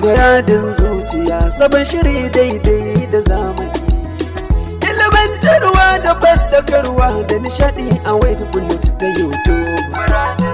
Muradin zuciya sabon shiri daidai da zamani. Ilimantarwa da bandakarwa da nishadi a wayar bullet ta YouTube.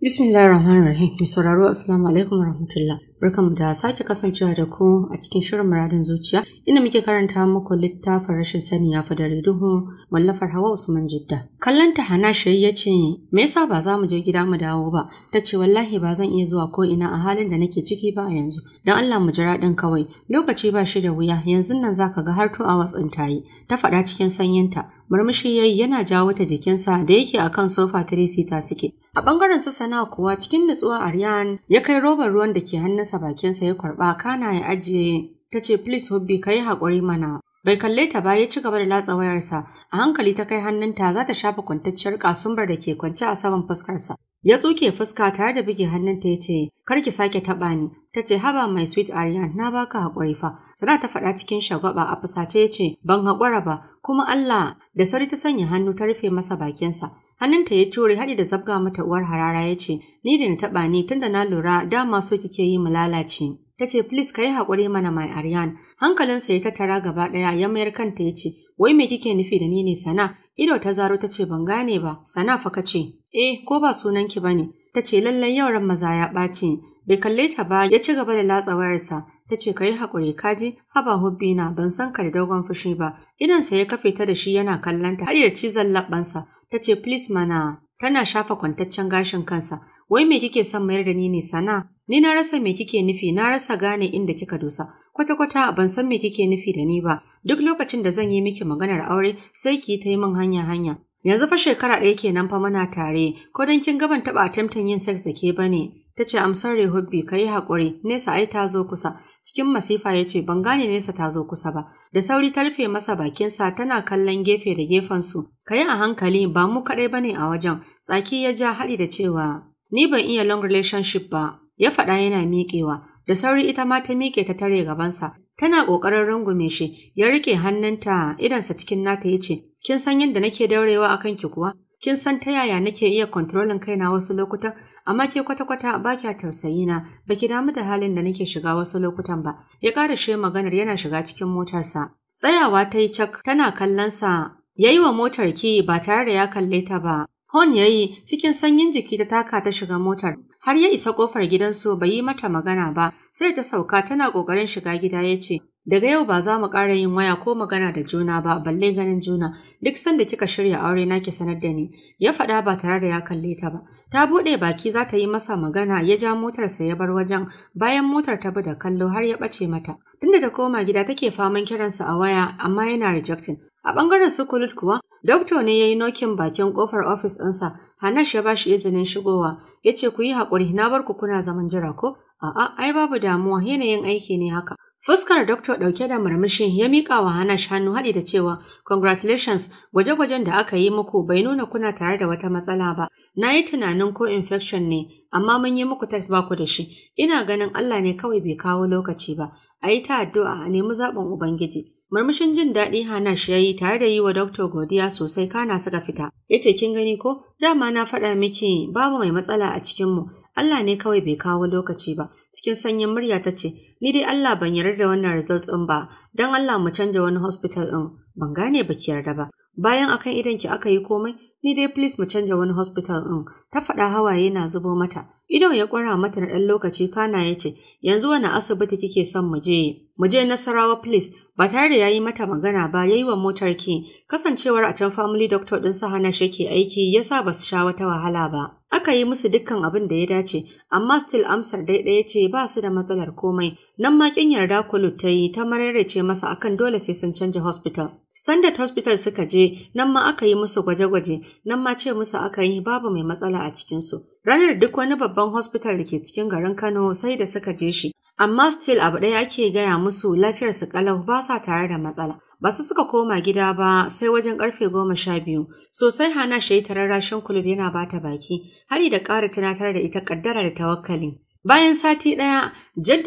Bismillahirrahmanirrahim. Mai sauraro Assalamu alaikum barka Barkanmu da sake kasancewa da ku a cikin shirin muradin zuciya inda muke karanta muku littafin rashin sani ya fi dare duhu mallafar Hawa Usman Jidda. Kallon ta Hana Shiri ya ce me yasa ba za mu je gida mu dawo ba? Ta ce wallahi ba zan iya zuwa ko ina a halin da nake ciki ba a yanzu. Dan Allah mu jira din kawai. Lokaci ba shi da wuya yanzun nan zaka ga har to a watsin tayi. Ta faɗa cikin sanyinta. Murmushi yayi yana jawo ta jikinsa da yake akan sofa tire sita suke. A bangaren su sana kuwa cikin nutsuwa Aryan ya kai robar ruwan da ke hannunsa bakinsa ya karɓa, kana ya ajiye ta ce please hubbi ka yi haƙuri mana. Bai kalle ta ba ya ci gaba da latsa wayarsa a hankali ta kai hannunta za ta shafa kwantacciyar kasumbar da ke kwance a saman fuskarsa. Ya tsuke fuska tare da buge hannunta ya ce, Kar ki sake taɓa ni, ta ce haba mai sweet Aryan na baka haƙuri fa. Sana ta faɗa cikin shagwaba a fusace ya ce, Ban haƙura ba, kuma Allah da sauri ta sanya hannu ta rufe masa bakinsa hannunta ya ture haɗi da zabga mata uwar harara ya ce ni da na taɓa ni tunda na lura dama so kike yi mu lalace ta ce please ka yi haƙuri mana mai aryan hankalinsa ya tattara gaba ɗaya ya mayar kanta ya ce wai me kike nufi da ni ne sana ido ta zaro ta ce ban gane ba sana fa ka ce eh ko ba sunan ki ba ne ta ce lallai yau ran maza ya ɓaci bai kalle ta ba ya ci gaba da latsa wayarsa ta ce ka yi haƙuri ji? haba hubbi na ban san ka da dogon fushi ba Idan sa ya kafe ta da shi yana kallon ta har da cizon labbansa ta ce please mana tana shafa kwantaccen gashin kansa wai me kike son mayar da ni ne sana ni na rasa me kike nufi na rasa gane inda kika dosa kwata kwata ban san me kike nufi da ni ba duk lokacin da zan yi miki maganar aure sai ki ta yi min hanya hanya yanzu fa shekara ɗaya kenan fa muna tare ko don kin gaban taɓa attempting yin sex da ke bane ta ce amsar rehobbi ka yi haƙuri nesa ai ta zo kusa cikin masifa ya ce ban gane nesa ta zo kusa ba da sauri ta rufe masa bakinsa tana kallon gefe da gefen su ka yi a hankali ba mu kaɗai ba ne a wajen tsaki ya ja haɗi da cewa ni ban iya long relationship ba ya faɗa yana miƙewa da sauri ita ma ta miƙe ta tare gabansa tana ƙoƙarin rungume shi ya rike hannunta idansa cikin nata ya ce kin san yadda nake daurewa akan ki kuwa kin san ta yaya nake iya kontrolin kaina wasu lokutan amma ke kwata-kwata ba kya tausayi na ba ki damu da halin da nake shiga wasu lokutan ba ya ƙara shi maganar yana shiga cikin motarsa tsayawa ta yi cak tana kallon sa. ya yi wa motar ki ba tare da ya kalle ta ba hon ya yi cikin sanyin jiki ta taka ta shiga motar har ya isa kofar gidansu bai yi mata magana ba sai ta sauka tana ƙoƙarin shiga gida ya ce Daga yau ba za mu ƙara yin waya ko magana da juna ba balle ganin juna duk sanda kika shirya aure na ki sanar da ni ya faɗa ba tare da ya kalle ta ba ta buɗe baki za ta yi masa magana ya ja motarsa ya bar wajen bayan motar ta bi da kallo har ya ɓace mata tunda ta koma gida take faman kiransa a waya amma yana rejectin. a ɓangaren su sukulut kuwa dokto ne ya yi nokin bakin ƙofar ofis ɗinsa Hanash ya bashi izinin shigowa ya ce ku yi haƙuri na bar ku kuna zaman jira ko a'a ai babu damuwa yanayin aiki ne haka Fuskar Dr. ɗauke da murmushin ya miƙa wa Hanash hannu haɗi da cewa, Congratulations, gwaje-gwajen da aka yi muku bai nuna kuna tare da wata matsala ba. Na yi tunanin ko infection ne, amma mun yi muku test baku da shi. Ina ganin Allah ne kawai bai kawo lokaci ba. A yi ta addu'a a nemi zaɓin Ubangiji. Murmushin jin daɗi Hanash ya yi tare da yi wa Dr. godiya sosai kana suka fita. Ya ce, Kin gani ko? Dama na faɗa miki babu mai matsala a cikinmu. Allah ne kawai bai kawo lokaci ba cikin sanyin murya ta ce ni dai Allah ban yarda da wannan result ɗin ba dan Allah mu canja wani hospital din ban gane baki yarda ba bayan akan idan ki aka yi komai ni dai please mu canja wani hospital ɗin. ta faɗa hawaye na zubo mata ido ya kwara mata na ɗan lokaci kana ya ce yanzu wani asibiti kike son mu je mu je nasarawa please ba tare da ya yi mata magana ba ya yi wa motar ki kasancewar a can family doctor ɗin su shi ke aiki ya sa ba su sha wata wahala ba Aka yi musu dukkan abin da ya dace, amma still amsar daidai ce ba su da matsalar komai. Nan ma kin yarda Kulut ta yi ta mararrace masa akan dole sai sun canja hospital. Standard Hospital suka je, nan ma aka yi musu gwaje-gwaje, nan ma ce musu aka yi babu mai matsala a cikinsu. Ranar duk wani babban hospital da ke cikin garin Kano sai da suka je shi, amma still abu ɗaya ake gaya musu lafiyar su kalau ba sa tare da matsala ba su suka koma gida ba sai wajen ƙarfe goma sha biyu sosai hana shi rarrashin kulit yana ba ta baki hari da ƙara tunatar da ita kaddara da tawakkali Bayan sati ɗaya,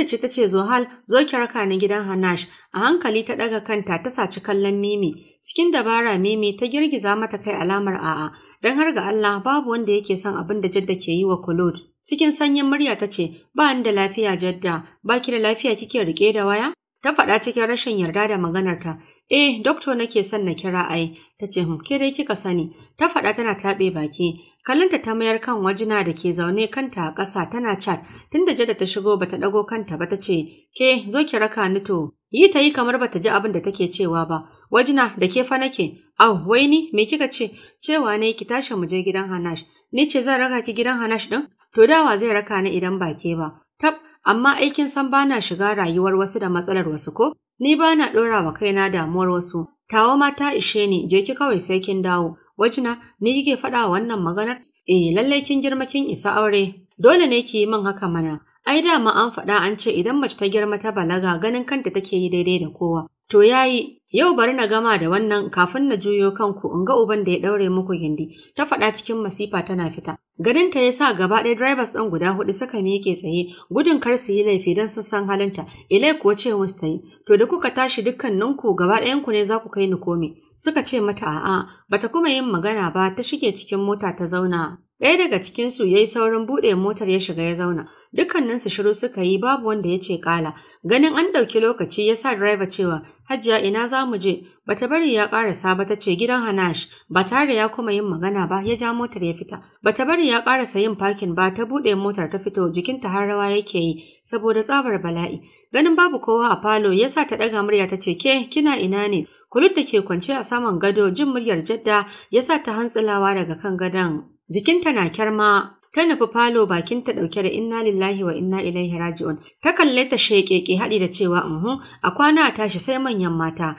ce ta ce Zohal zo ki raka ni gidan Hanash, a hankali ta ɗaga kanta ta saci kallon Mimi. Cikin dabara Mimi ta girgiza mata kai alamar a'a, don har ga Allah babu wanda yake son abin da jadda ke yi wa Kulud. Cikin sanyin murya ta ce, ba ni da lafiya jadda, ba ki da lafiya kike rike da waya? Ta faɗa cikin rashin yarda da maganarta. Eh, dokto nake son na kira ai, ta ce, hmm, ke dai kika sani, ta faɗa tana taɓe baki. Kalinta ta mayar kan wajina da ke zaune kanta a ƙasa tana cat, tunda Jada ta shigo bata ɗago kanta ba ta ce, ke zo ki raka ni to. Yi ta yi kamar bata ji abin da take cewa ba, wajina da ke fa nake, au, wai ni, me kika ce, cewa ne ki tashi mu je gidan Hanash, ni ce zan raka ki gidan Hanash ɗin? to dawa zai raka ni idan ba ke ba. Tab, amma aikin san bana shiga rayuwar wasu da matsalar wasu ko? Ni bana ɗora wa kaina damuwar wasu. Tawa ma ta ishe ni, je ki kawai sai kin dawo. Wajina, ni kike faɗa wannan maganar? Eh, lallai kin girma kin isa aure. Dole ne ki yi min haka mana. Ai dama an faɗa an ce idan mace ta girma ta balaga ganin kanta take yi daidai da kowa. To yayi, Yau bari na gama da wannan kafin na juyo kanku in ga uban da ya ɗaure muku gindi, ta faɗa cikin masifa tana fita. ta ya sa gaba ɗaya drivers ɗin guda huɗu suka miƙe tsaye gudun kar su yi laifi don sun san halinta, Ilai kuwa ce musu ta yi, to da kuka tashi dukkaninku gaba ɗayanku ne za ku kai ni komi. Suka ce mata a'a, bata kuma yin magana ba ta shige cikin mota ta zauna. Ɗaya daga cikinsu ya yi saurin buɗe motar ya shiga ya zauna. Dukkaninsu shiru suka yi babu wanda ya ce ƙala. Ganin an ɗauki lokaci ya sa direba cewa Hajiya ina za mu je? Bata bari ya ƙarasa ba ta ce gidan Hanash ba tare ya kuma yin magana ba ya ja motar ya fita. Bata bari ya ƙarasa yin fakin ba ta buɗe motar ta fito jikinta har rawa yake yi saboda tsabar bala'i. Ganin babu kowa a falo ya sa ta ɗaga murya ta ce ke kina ina ne? Kulut da ke kwance a saman gado jin muryar Jadda ya sa ta hantsilawa daga kan gadon Jikinta na kyarma ta nufi falo bakinta ɗauke da inna lillahi wa inna ilaihi raji'un ta kalle ta sheƙeƙe haɗi da cewa uhu a kwana a tashi sai manyan mata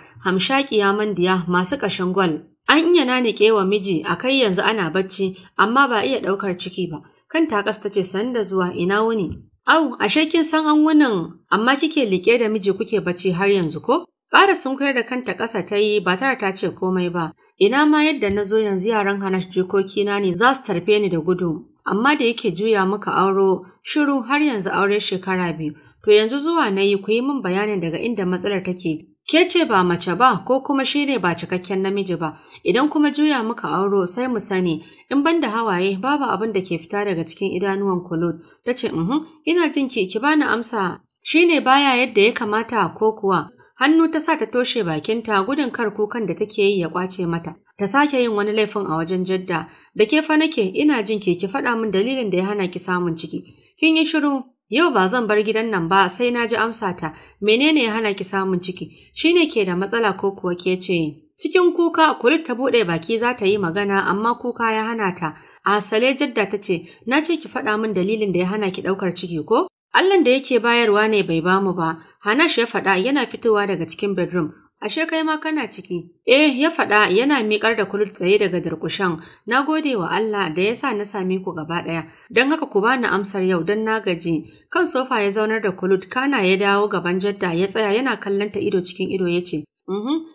ya mandiya masu ƙashin gwal an iya nani wa miji a kai yanzu ana bacci amma ba iya ɗaukar ciki ba kan takas ta ce da zuwa ina wuni au ashe kin san an wannan amma kike liƙe da miji kuke bacci har yanzu ko Ƙara sun sunkar da kanta ƙasa ta yi ba tare ta ce komai ba, ina ma yadda na zo yanzu yaran Hanash na ne za su tarfe ni da gudu, amma da yake juya muka auro shiru har yanzu aure shekara biyu, to yanzu zuwa na yi ku yi min bayanin daga inda matsalar take. Ke ce ba mace ba ko kuma shi ne ba cikakken namiji ba, idan kuma juya muka auro sai mu sani, in ban da hawaye babu abin da ke fita daga cikin idanuwan kulot, ta ce, uhm, ina jin ki ki bani amsa, shi ne baya yadda ya kamata ko kuwa, Hannu ta sa ta toshe bakinta gudun kar kukan da take yi ya kwace mata. Ta sake yin wani laifin a wajen jadda, da ke fa nake ina jin ke ki faɗa min dalilin da ya hana ki samun ciki. Kin yi shiru, yau ba zan bar gidan nan ba sai na ji ta. menene ya hana ki samun ciki, shine ke da matsala ko kuwa ke ce. Cikin kuka kulit ta buɗe baki za ta yi magana amma kuka ya hana ta. Asale jadda ta ce, na ce ki faɗa min dalilin da ya hana ki ɗaukar ciki ko? Allahn da yake bayarwa ne bai bamu ba, Hanash ya faɗa yana fitowa daga cikin bedroom. Ashe kai ma kana ciki. Eh ya faɗa yana miƙar da kulut tsaye daga darkushan. Na gode wa Allah da ya sa na same ku gaba ɗaya. Don haka ku bani amsar yau don na gaji. Kan sofa ya zaunar da kulut kana ya dawo gaban jadda ya tsaya yana kallon ta ido cikin ido ya ce.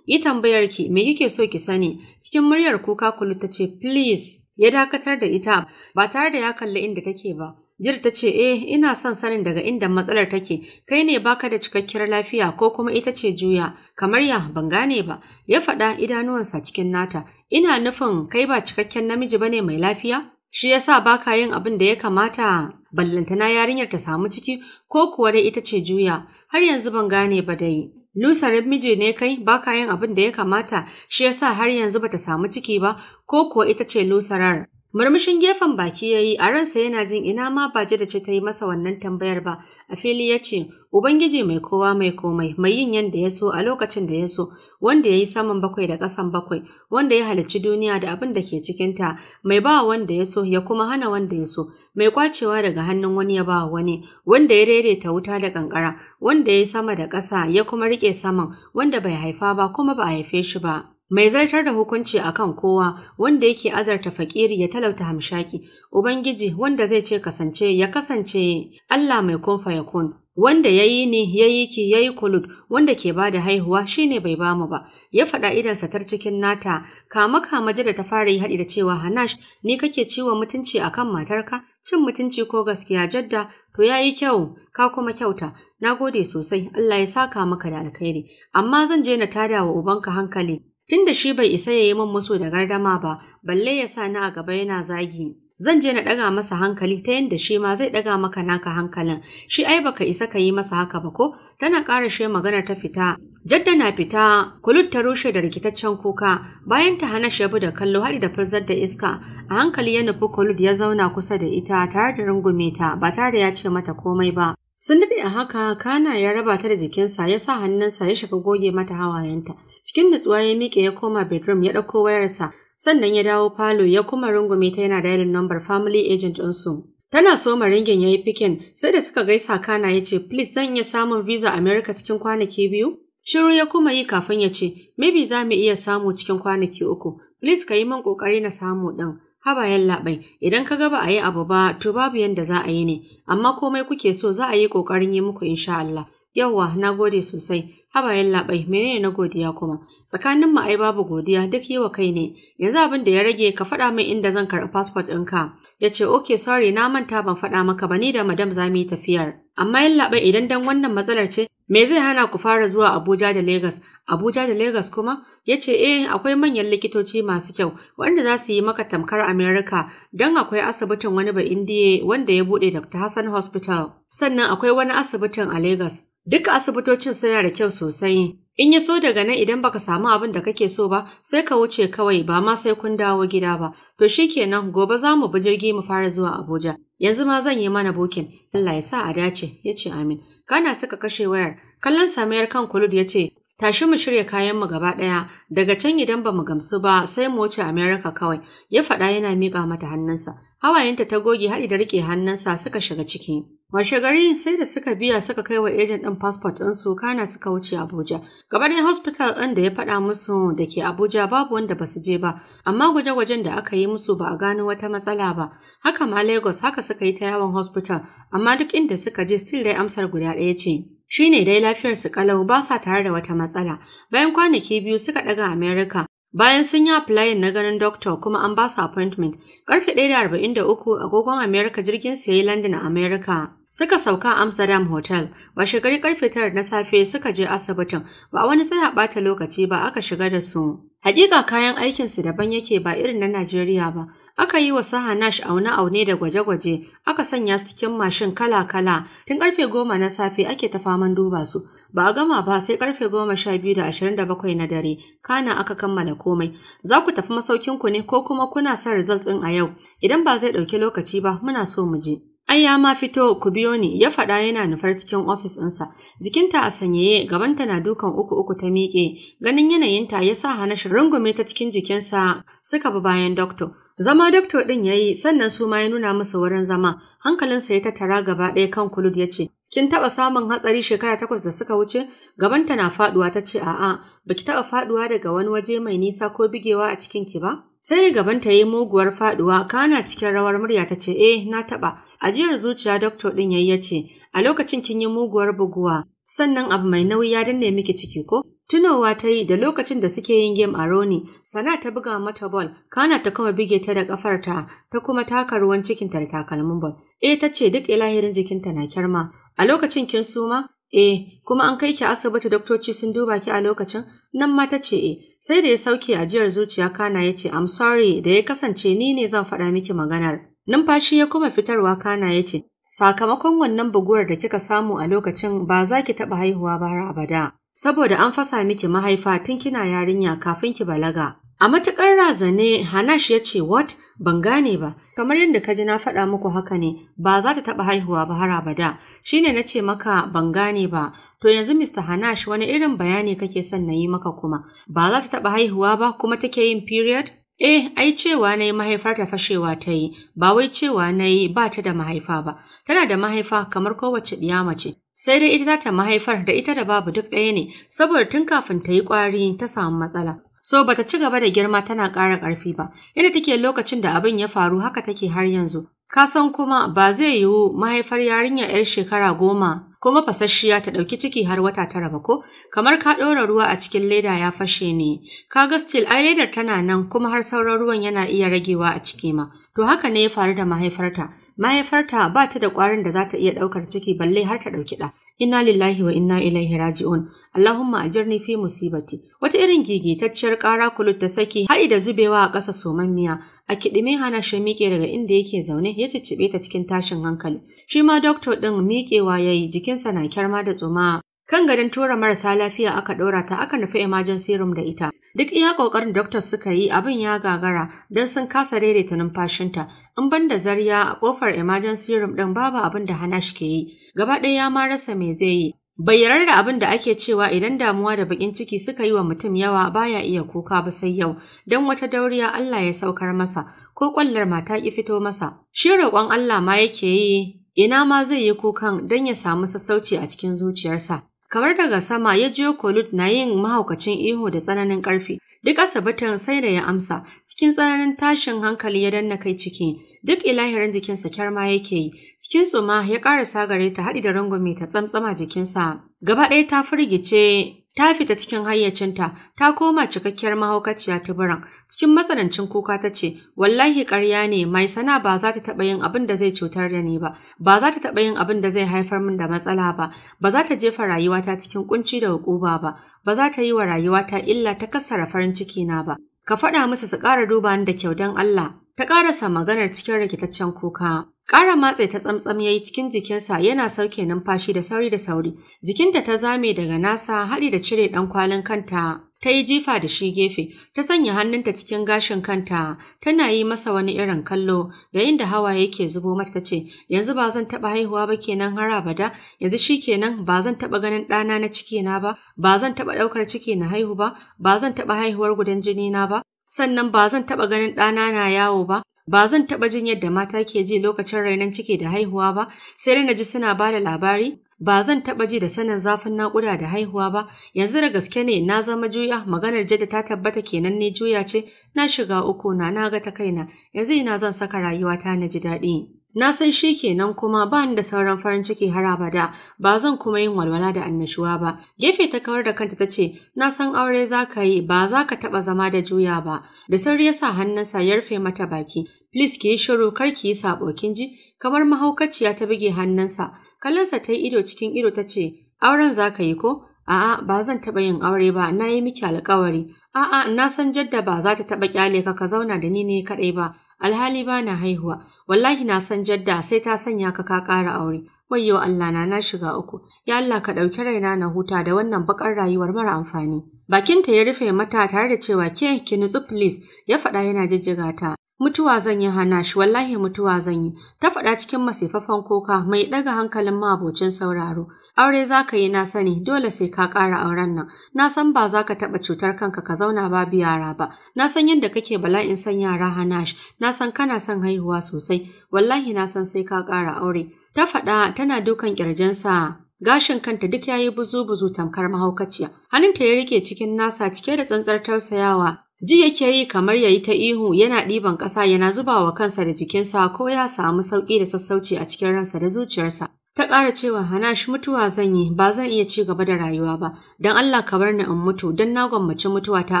yi tambayar ki me kike so ki sani? Cikin muryar kuka kulut ta ce please ya dakatar da ita ba tare da ya kalli inda take ba. Jir ta ce, "Eh, ina son sanin daga inda matsalar take, kai ne baka da cikakkiyar lafiya ko kuma ita ce juya, kamar ya ban gane ba." Ya faɗa idanuwansa cikin nata, "Ina nufin kai ba cikakken namiji ba ne mai lafiya?" Shi ya yasa baka yin abin da ya kamata ballantana yarinyar ta samu ciki ko kuwa dai ita ce juya, har yanzu ban gane ba dai. Lusarin miji ne kai baka yin abin da ya kamata shi ya sa har yanzu ba ta samu ciki ba ko kuwa ita ce lusarar. Murmushin gefen baki ya yi, a ransa yana jin ina ma ba da ce ta yi masa wannan tambayar ba, a fili ya ce, Ubangiji mai kowa mai komai, mai yin yadda ya so a lokacin da ya so, wanda ya yi saman bakwai da ƙasan bakwai, wanda ya halicci duniya da abin da ke cikinta, mai ba wanda ya so ya kuma hana wanda ya so, mai kwacewa daga hannun wani ya ba wani, wanda ya daidaita wuta da ƙanƙara, wanda ya yi sama da ƙasa ya kuma riƙe saman, wanda bai haifa ba kuma ba a haife shi ba. mai zartar da hukunci a kan kowa wanda yake azarta fakiri ya talauta hamshaki ubangiji wanda zai ce kasance ya kasance Allah mai kunfa ya kun wanda ya yi ni ya yi ki ya yi kulud wanda ke ba da haihuwa ne bai ba mu ba ya faɗa idan satar cikin nata kama kama da ta fara yi haɗi da cewa hanash ni kake ciwon mutunci akan matarka cin mutunci ko gaskiya jadda to ya yi kyau ka kuma kyauta na gode sosai Allah ya saka maka da alkhairi amma zan je na tada wa ubanka hankali Tun da shi bai isa ya yi min musu da gardama ba, balle ya sa ni a gaba yana zagi. zan je na ɗaga masa hankali ta yadda shi ma zai ɗaga maka naka hankalin shi ai baka isa ka yi masa haka ba ko tana ƙara shi maganar ta fita jadda na fita kulut ta rushe da rikitaccen kuka bayan ta hana shi da kallo har da furzar da iska a hankali ya nufi kulut ya zauna kusa da ita tare da rungume ta ba tare da ya ce mata komai ba Sun daɗe a haka kana ya raba ta da jikinsa ya sa hannunsa ya shiga goge mata hawayenta. Cikin nutsuwa ya miƙe ya koma bedroom ya ɗauko wayarsa sannan ya dawo falo ya kuma rungume ta yana dialing number family agent ɗinsu. Tana so maringin ya yi fikin sai da suka gaisa kana ya ce please zan iya samun visa America cikin kwanaki biyu? Shiru ya kuma yi kafin ya ce maybe za mu iya samu cikin kwanaki uku. Please ka yi min ƙoƙari na samu ɗin. haba yallaɓai idan ka ga ba a yi abu ba to babu yanda za a yi ne amma komai kuke so za a yi kokarin yi muku insha Allah yawwa na gode sosai haba yallaɓai menene na godiya kuma tsakanin mu ai babu godiya duk yi wa kai ne yanzu abin da ya rage ka faɗa min inda zan karɓi passport ɗinka ya ce okay sorry na manta ban faɗa maka ba ni da madam za mu yi tafiyar amma yallaɓai idan dan wannan matsalar ce Me zai hana ku fara zuwa Abuja da Legas? Abuja da Legas kuma? Ya ce, eh, akwai manyan likitoci masu kyau wanda za su yi maka tamkar Amerika don akwai asibitin wani ba indiye wanda ya buɗe Dr. Hassan Hospital. Sannan akwai wani asibitin a Legas. Duk asibitocin suna da kyau sosai. In ya so daga nan idan baka samu abin da kake so ba, sai ka wuce kawai ba ma sai kun dawo gida ba. To shi kenan gobe za mu bi jirgi mu fara zuwa Abuja. Yanzu ma zan yi mana bukin. Allah ya sa a dace, ya ce amin. Ghana suka kashe wayar, kallon samayar kan kulud ya ce, Tashi mu shirya kayanmu gaba ɗaya, daga can idan ba mu gamsu ba sai mu wuce Amerika kawai, ya faɗa yana miƙa mata hannunsa. Hawayenta ta goge haɗi da riƙe hannunsa suka shiga ciki. Washe gari sai da suka biya suka kai wa ejen ɗin fasfot ɗinsu kana suka wuce Abuja. Gaba dai hospital ɗin da ya faɗa musu da ke Abuja babu wanda ba su je ba, amma gwaje-gwajen da aka yi musu ba a gano wata matsala ba. Haka ma Lagos haka suka yi ta yawon hospital, amma duk inda suka je still dai amsar guda ɗaya ce. Shi ne dai su ƙalau ba sa tare da wata matsala. Bayan kwanaki biyu suka ɗaga Amerika, Bayan sun yi applying na ganin doctor kuma an ba su appointment, karfe uku, agogon Amerika jirgin su ya yi London a Amerika. Suka sauka Amsterdam Hotel, Ba karfe tara na safe suka je asibitin, ba wani sai a ɓata lokaci ba aka shiga da su. Hakika kayan aikinsu daban yake ba irin na Najeriya ba, aka yi wa Nash aune-aune da gwaje-gwaje, aka sanya su cikin mashin kala-kala, tun karfe goma na safe ake ta faman duba su, ba a gama ba sai karfe goma sha biyu da ashirin da bakwai na dare, kana aka kammala komai. Za ku tafi masaukinku ne ko kuma kuna son results ɗin a yau, idan ba zai ɗauki lokaci ba muna so mu je. Ai ya ma fito ku biyo ni ya faɗa yana nufar cikin ofis ɗinsa. Jikinta a sanyaye gabanta na dukan uku uku ta miƙe. Ganin yanayinta ya sa hana rungume ta cikin jikinsa suka bi bayan doktor. Zama doktor ɗin ya yi sannan su ma ya nuna musu wurin zama. Hankalinsa ya tattara gaba ɗaya kan kulud ya ce, Kin taɓa samun hatsari shekara takwas da suka wuce? Gabanta na faɗuwa ta ce a'a, baki taɓa faɗuwa daga wani waje mai nisa ko bigewa a cikinki ba? Sai gaban ta yi muguwar faduwa kana cikin rawar murya ta ce eh na taba. Ajiyar zuciya doctor ɗin yayi yace a lokacin kin yi muguwar buguwa sannan abu mai nauyi ya danne miki ciki ko? Tunowa ta yi da lokacin da suke yin game a Roni, sana ta buga mata bol, kana ta kuma bige ta da kafarta, ta kuma taka ruwan cikinta da takalmin bol. Eh ta ce duk ilahirin jikinta na kirma. a lokacin kin suma, Eh, kuma an kai ki asibiti doktoci sun duba ki a lokacin? Nan ma ta ce eh, sai da ya sauke ajiyar zuciya kana ya ce I'm sorry da ya kasance ni ne zan faɗa miki maganar. Numfashi ya kuma fitarwa kana ya ce, Sakamakon wannan buguwar da kika samu a lokacin ba za ki taɓa haihuwa ba har abada, saboda an fasa miki mahaifa tun kina yarinya kafin ki balaga. A matuƙar razane Hanash ya ce what ban gane ba kamar yadda ka ji na faɗa muku haka ne ba za ta taɓa haihuwa ba har abada shi ne na ce maka ban gane ba to yanzu Mr. Hanash wani irin bayani kake son na yi maka kuma ba za ta taɓa haihuwa ba kuma take yin period Eh, ai cewa na yi mahaifar ta fashewa ta yi, ba wai cewa na yi ba ta da mahaifa ba, tana da mahaifa kamar kowace ɗiya mace, sai dai ita ta mahaifar da ita da babu duk ɗaya ne saboda tun kafin ta yi ƙwari ta samu matsala So bata ci gaba da girma tana ƙara ƙarfi ba, Inda take lokacin da abin ya faru haka take har yanzu. Ka san kuma ba zai yiwu mahaifar yarinya 'yar shekara goma kuma fasashiya ta ɗauki ciki har wata tara ba ko? Kamar ka ɗora ruwa a cikin leda ya fashe ne. Ka ga stil ai ledar tana nan kuma har sauran ruwan yana iya ragewa a ciki ma. To haka ne ya faru da mahaifarta. Mahaifarta ba ta da ƙwarin da za ta iya ɗaukar ciki balle har ta ɗauki ɗa. Ina lillahi wa inna ilaihi raji'un Allahumma a ajirni fi musibati wata irin gigitacciyar ƙara kulut ta saki haɗi da zubewa a ƙasa somammiya a kiɗime hana shi miƙe daga inda yake zaune ya cicciɓe ta cikin tashin hankali shi ma doktor ɗin miƙewa ya yi jikinsa na kyarma da tsoma Kan gadon tura marasa lafiya aka ɗora ta aka nufi emergency room da ita. Duk iya ƙoƙarin doctor suka yi abin ya gagara don sun kasa daidaita numfashinta. In ban da zariya a ƙofar emergency room ɗin babu abin da hana shi ke yi. Gaba ɗaya ya ma rasa me zai yi. Bayyanar da abin da ake cewa idan damuwa da bakin ciki suka yi wa mutum yawa baya iya kuka ba sai yau, don wata dauriya Allah ya saukar masa, ko kwallar mata ki fito masa. Shi roƙon Allah ma yake yi, ina ma zai yi kukan don ya samu sassauci a cikin zuciyarsa. Kamar daga sama ya jiyo Kolut na yin mahaukacin ihu da tsananin ƙarfi. Duk asibitin sai da ya amsa, cikin tsananin tashin hankali ya danna kai ciki, duk ilahirin jikinsa kyarma yake yi, cikin tsoma ya ƙara gare ta haɗi da rangwame ta tsamtsama jikinsa. Gaba ɗaya ta firgice ta fita cikin hayyacinta ta koma cikakkiyar mahaukaciya tuburan cikin matsanancin kuka ta ce wallahi ƙarya ne mai sana ba za ta taɓa yin abin da zai cutar da ni ba ba za ta taɓa yin abin da zai haifar min da matsala ba ba za ta jefa rayuwata cikin kunci da hukuba ba ba za ta yi wa rayuwata illa ta kassara farin ciki na ba ka faɗa musu su ƙara duba ni da kyau don Allah Ta ƙarasa maganar cikin rikitaccen kuka. Ƙara matse ta tsamtsam ya yi cikin jikinsa yana sauke numfashi da sauri da sauri. Jikinta ta zame daga nasa haɗi da cire ɗan kwalin kanta. Ta yi jifa da shi gefe, ta sanya hannunta cikin gashin kanta, tana yi masa wani irin kallo, yayin da hawa yake zubo mata ta ce, Yanzu ba zan taɓa haihuwa ba kenan har abada, yanzu shi kenan ba zan taɓa ganin ɗana na cikina ba, ba zan taɓa ɗaukar ciki na haihu ba, ba zan taɓa haihuwar gudan jini na ba, sannan ba zan taɓa ganin ɗana na yawo ba, ba zan taɓa jin yadda mata ke ji lokacin rainon ciki da haihuwa ba, sai dai na ji suna ba da labari, ba zan taɓa ji da sanin zafin naƙuda da haihuwa ba, yanzu da gaske ne na zama juya, maganar jadda ta tabbata kenan ne juya ce, na shiga uku na na ga ta kaina, yanzu ina zan saka rayuwata na ji daɗi. Na san shi kenan kuma ba ni da sauran farin ciki har abada, ba zan kuma yin walwala da annashuwa ba. Gefe ta kawar da kanta ta ce, na san aure za ka yi, ba za ka taɓa zama da juya ba. Da sauri ya sa hannunsa ya rufe mata baki. Please ki yi shiru kar ki yi saɓo kin ji, kamar mahaukaciya ta buge hannunsa. Kallonsa ta yi ido cikin ido ta ce, auren za ka yi ko? A'a, ba zan taɓa yin aure ba, na yi miki alkawari. A'a, na san jadda ba za ta taɓa kyale ka ka zauna da ni ne kaɗai ba. alhali ba na haihuwa wallahi na san jadda sai ta sanya ka ka ƙara aure wayyo Allah na na shiga uku ya Allah ka ɗauki raina na huta da wannan bakar rayuwar mara amfani bakinta ya rufe mata tare da cewa ke ki nutsu please ya faɗa yana jijjiga ta mutuwa zan yi hana shi wallahi mutuwa zan yi ta faɗa cikin masifafan kuka mai ɗaga hankalin mabocin sauraro aure za ka yi na sani dole sai ka ƙara auren nan na san ba za ka taɓa cutar kanka ka zauna babu yara ba na san yadda kake bala'in san yara hana shi na san kana son haihuwa sosai wallahi na san sai ka ƙara aure ta faɗa tana dukan ƙirjinsa gashin kanta duk yayi buzu-buzu tamkar mahaukaciya. Hannunta ya rike cikin nasa cike da tsantsar tausayawa Ji yake yi kamar yayi ta ihu yana ɗiban ƙasa yana zubawa kansa da jikinsa ko ya samu sauƙi da sassauci a cikin ransa da zuciyarsa. Ta ƙara cewa Hanash mutuwa zan yi ba zan iya ci gaba da rayuwa ba, don Allah ka bar ni in mutu don na gwammaci mutuwata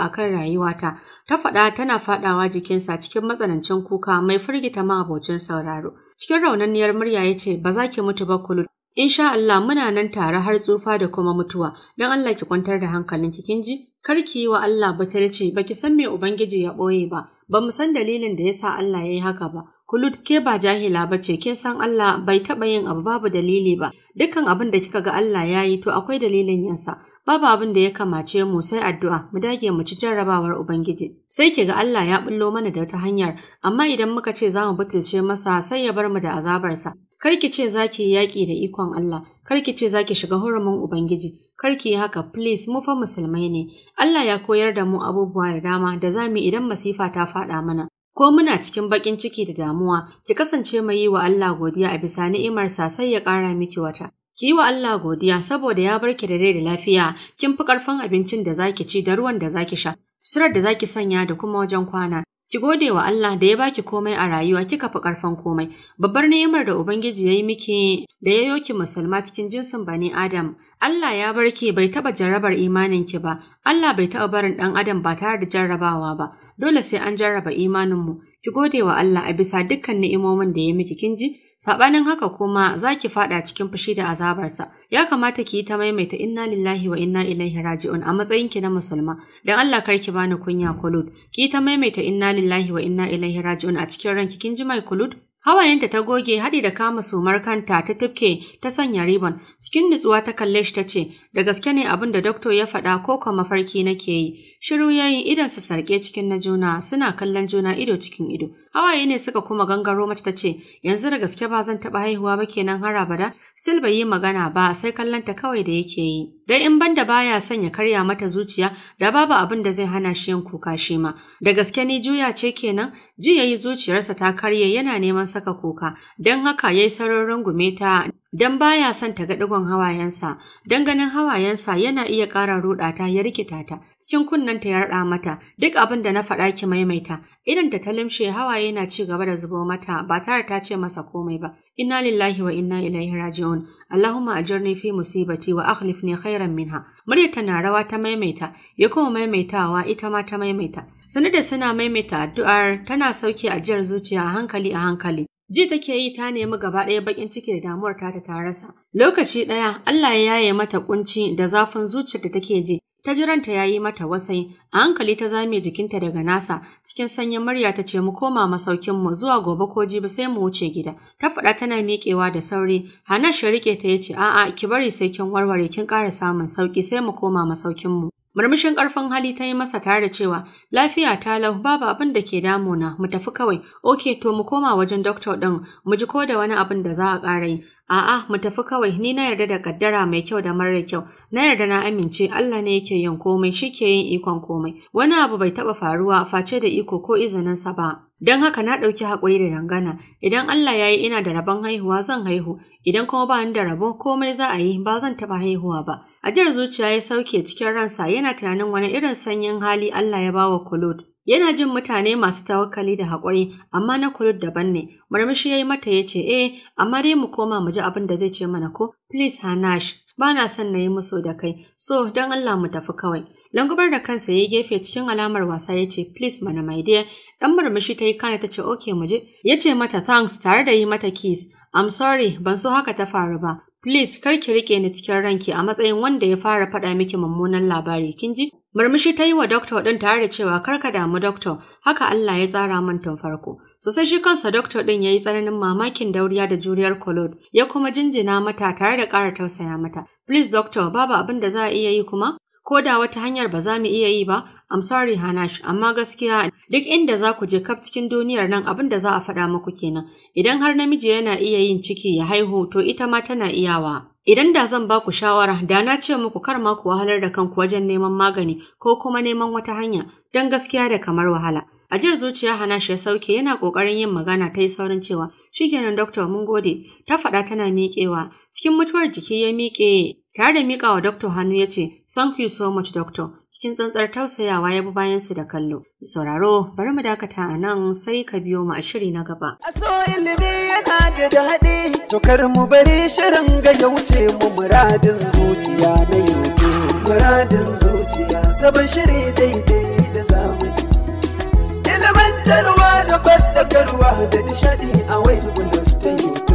a kan rayuwata. Ta faɗa tana faɗawa jikinsa cikin matsanancin kuka mai firgita abokin sauraro. Cikin raunanniyar murya ya ce ba za ki mutu ba kulut Insha Allah muna nan tare har tsufa da kuma mutuwa, don Allah ki kwantar da ki, kin ji? Kar ki yi wa Allah batalci baki san me Ubangiji ya ɓoye ba, ba mu san dalilin da ya sa Allah ya yi haka ba. Kulut ke ba jahila ba ce, kin san Allah bai taɓa yin abu babu dalili ba, dukkan abin da kika ga Allah ya yi to akwai dalilin yansa, babu abin da ya kamace mu sai addu'a, mu dage mu ci jarrabawar Ubangiji. Sai ki ga Allah ya ɓullo mana da ta hanyar, amma idan muka ce za mu butulce masa sai ya bar mu da azabarsa. Kar ki ce za ki yi yaƙi da ikon Allah, kar ki ce za ki shiga hurumin Ubangiji, kar ki haka please mu fa musulmai ne. Allah ya koyar da mu abubuwa da dama da za mu idan masifa ta faɗa mana. Ko muna cikin baƙin ciki da damuwa, ki kasance mai yi wa Allah godiya a bisa ni'imarsa sai ya ƙara miki wata. Ki yi wa Allah godiya saboda ya barki da rai da lafiya, kin fi ƙarfin abincin da za ki ci da ruwan da za ki sha, surar da ki sanya da kuma wajen kwana. Ki gode wa Allah da ya baki komai a rayuwa kika fi karfan komai. Babbar ni'imar da Ubangiji ya yi miki da ya yoki musulma cikin jinsin bani Adam. Allah ya bar ki bai taba jarrabar imanin ki ba. Allah bai taba barin dan Adam ba tare da jarrabawa ba. Dole sai an jarraba imanin mu. Ki gode wa Allah a bisa dukkan ni'imomin da ya miki kin ji. Sabanin haka kuma za ki fada cikin fushi da azabarsa. Ya kamata ki yi ta maimaita inna lillahi wa inna ilaihi raji'un a matsayinki na musulma. Dan Allah kar ki bani kunya kulud. Ki ta maimaita inna lillahi wa inna ilaihi raji'un a cikin ranki kin ji mai kulud? Hawayenta ta goge haɗi da kama sumar kanta ta tufke ta sanya ribon. Cikin nutsuwa ta kalle shi ta ce, "Da gaske ne abin da doktor ya faɗa ko kuma mafarki nake yi." Shiru ya yi su sarƙe cikin na juna suna kallon juna ido cikin ido. Hawaye ne suka kuma gangaro mace ta ce, yanzu da gaske ba zan taɓa haihuwa ba kenan har da Sil bai yi magana ba sai kallon ta kawai da yake yi. Dai in banda baya son ya karya mata zuciya da babu abin da zai hana shi yin kuka shi ma. Da gaske ni juya ce kenan, ji yayi zuciyarsa ta karye yana neman saka kuka, don haka yayi sararin gume ta don baya son ta ga ɗigon hawayensa don ganin hawayensa yana iya ƙara ruɗa ta ya rikita ta cikin kunnen ta ya raɗa mata duk abin da na faɗa ki maimaita idan da ta limshe hawaye na ci gaba da zubo mata ba tare ta ce masa komai ba inna lillahi wa inna ilaihi raji'un allahumma ajirni fi musibati wa akhlifni khairan minha murya tana rawa ta maimaita ya kuma maimaitawa ita ma ta maimaita sanar da suna maimaita addu'ar tana sauke ajiyar zuciya a hankali a hankali Ji take yi ta nemi gaba ɗaya baƙin ciki da damuwar ta ta rasa. Lokaci ɗaya Allah ya yaye mata ƙunci da zafin zuciyar da take ji. Ta jiranta ya yi mata wasai, a hankali ta zame jikinta daga nasa, cikin sanyin murya ta ce mu koma masaukinmu zuwa gobe ko jibi sai mu wuce gida. Ta faɗa tana miƙewa da sauri, Hana shi riƙe ta ya ce a'a ki bari sai kin warware kin ƙara samun sauƙi sai mu koma masaukinmu. Murmushin ƙarfin hali ta yi masa tare cewa lafiya ta lau babu abin da ke damuna mu tafi kawai. Oke to mu koma wajen doctor ɗin mu ji ko da wani abin da za a ƙara yi. A'a mu tafi kawai ni na yarda da kaddara mai kyau da mara kyau. Na yarda na amince Allah ne yake yin komai shi ke yin ikon komai. Wani abu bai taɓa faruwa face da iko ko izinin sa ba. Don haka na ɗauki haƙuri da dangana, idan Allah ya yi ina da rabon haihuwa zan haihu, idan kuma ba ni da rabo komai za a yi ba zan taɓa haihuwa ba. Ajiyar zuciya ya sauke cikin ransa yana tunanin wani irin sanyin hali Allah ya bawa Kulud. Yana jin mutane masu tawakkali da haƙuri, amma na Kulud daban ne. Murmushi ya yi mata ya ce, "Eh, amma dai mu koma mu ji abin da zai ce mana ko, please Hanash, ba na son na yi musu da kai, so don Allah mu tafi kawai." Langubar da kansa ya yi gefe cikin alamar wasa ya ce, Please mana mai dear, Dan murmushi ta yi kana ta ce, Okay mu ji." Ya ce mata thanks tare da yi mata kiss. I'm sorry, ban so haka ta faru ba. Please, kar ki rike ni cikin ranki a matsayin wanda ya fara faɗa miki mummunan labari, kin ji? Murmushi ta yi wa doctor ɗin tare da cewa kar ka damu doctor, haka Allah ya tsara min tun farko. Sosai shi kansa doctor ɗin ya yi tsananin mamakin dauriya da juriyar Claude, ya kuma jinjina mata tare da ƙara tausaya mata. Please doctor, babu abin da za a iya yi kuma? ko da wata hanyar ba za mu iya yi ba I'm sorry Hanash amma gaskiya duk inda za ku je kaf cikin duniyar nan abin da za a faɗa muku kenan idan har namiji yana iya yin ciki ya haihu to ita ma tana iyawa Idan da zan ba ku shawara da na ce muku kar ma ku wahalar da kanku wajen neman magani ko kuma neman wata hanya don gaskiya da kamar wahala. A Ajiyar zuciya Hanash ya sauke yana ƙoƙarin yin magana ta yi saurin cewa shikenan kenan mun gode ta faɗa tana miƙewa cikin mutuwar jiki ya miƙe tare da miƙawa Dokta hannu ya ce Thank you so much, Doctor. Cikin tsantsar tausayawa ya bi bayansu da kallo. Sauraro, bari mu dakata a nan sai ka biyo mu a shiri na gaba. Aso ilimi yana da daɗi, to kar mu bari shirin ga ya wuce mu muradin zuciya na yau. Muradin zuciya, sabon shiri daidai da zamani. Ilimantarwa da faɗakarwa da nishaɗi a wai da ta